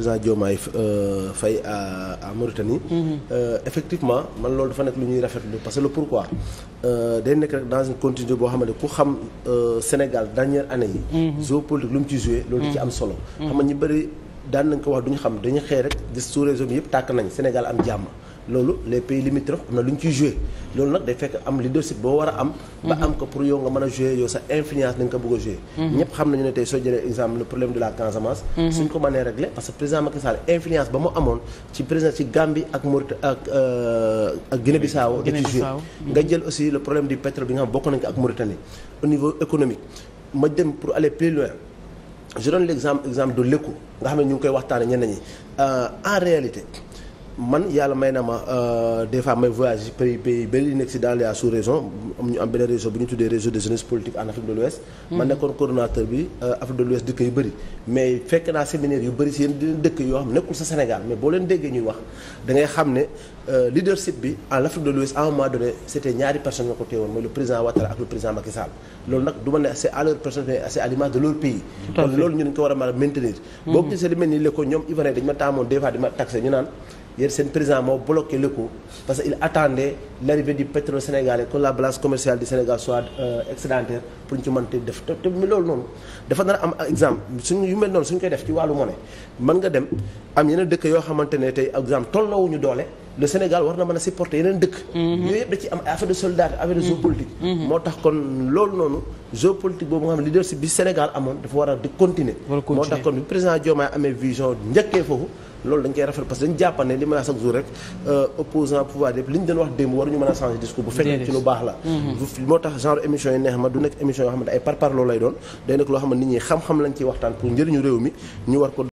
président Diomaye euh, Faye a Mauritanie. Mhm. Euh, effectivement man loolu dafa nekk lu ñuy rafetlu parce que le pourquoi euh, day nekk rek dans une continuité boo xam ne ku xam Sénégal dernière année yi. Mhm. géopolitique lu mu ci joué. loolu ci am solo. Mhm. xam nga ñu daan nañ ko wax duñu xam dañu xëy rek gis sous-région bi tàkk nañ Sénégal am jàmm. loolu le pays limitrophes am na lu ñu ciy joué loolu nag day fekk am leadership boo war a am ba am ko pour yow nga mën a joué yow sa influence nañ ko bëgg a joué ñëpp xam nañu ne tey soo jëlee exemple le problème de la Casamance suñ ko mënee réglé parce que président Macky Sall influence ba mu amoon ci président ci Gambie ak Maurit ak euh, ak Bissau da ci joué nga jël aussi le problème du pétrole bi nga xam bokk nañ ko ak ma pour aller plus loin exemple de l'écho nga xam ne ñu ngi koy waxtaane ñenn ñi euh, en réalité man yàlla may na ma euh, des fois may voyage pays pays bëri nekk si dans la sous-région am ñu am benn réseau bu ñu tuddee réseau de jeunesse politique en Afrique de l'Ouest mm. man nekkoon coordonnateur bi euh, Afrique de l'Ouest dëkk yu bëri mais fekk naa séminaire yu bëri si yéen dina dëkk yoo xam nekkul sa Sénégal mais boo leen déggee ñuy wax da xam ne euh, leadership bi en Afrique de l'Ouest à un moment donné c'était ñaari personnes loolu nag du ma ne c'est à leur personne mais c'est à a mën a mm-hmm. naan yéen seen président moo bloqué l'écho parce que il attendait l'arrivée du pétrole sénégalais que la balance commerciale du Sénégal soit euh, excédentaire pour ñu ci mën te def te mi loolu noonu dafa nar am exemple suñu yu mel noonu suñu koy def ci wàllu ne man nga dem am yeneen dëkk yoo xamante ne tey exemple tolloowuñu doole le Sénégal war na mën a supporter yeneen dëkk. Mhm. yooyu yëpp da ci am affaire de soldat affaire de mhm. Mhm. moo tax kon loolu noonu géopolitique boobu nga xam ne leadership bi Sénégal amoon war euh, ñu doon a changer discours bu fekkee ci lu baax la moo tax genre émission yi neex ma du nekk émission yoo xamante ay par par loolu lay doon day nekk loo xam ne nit ñi xam-xam lañ ciy waxtaan pour njëriñu réew mi ñu war ko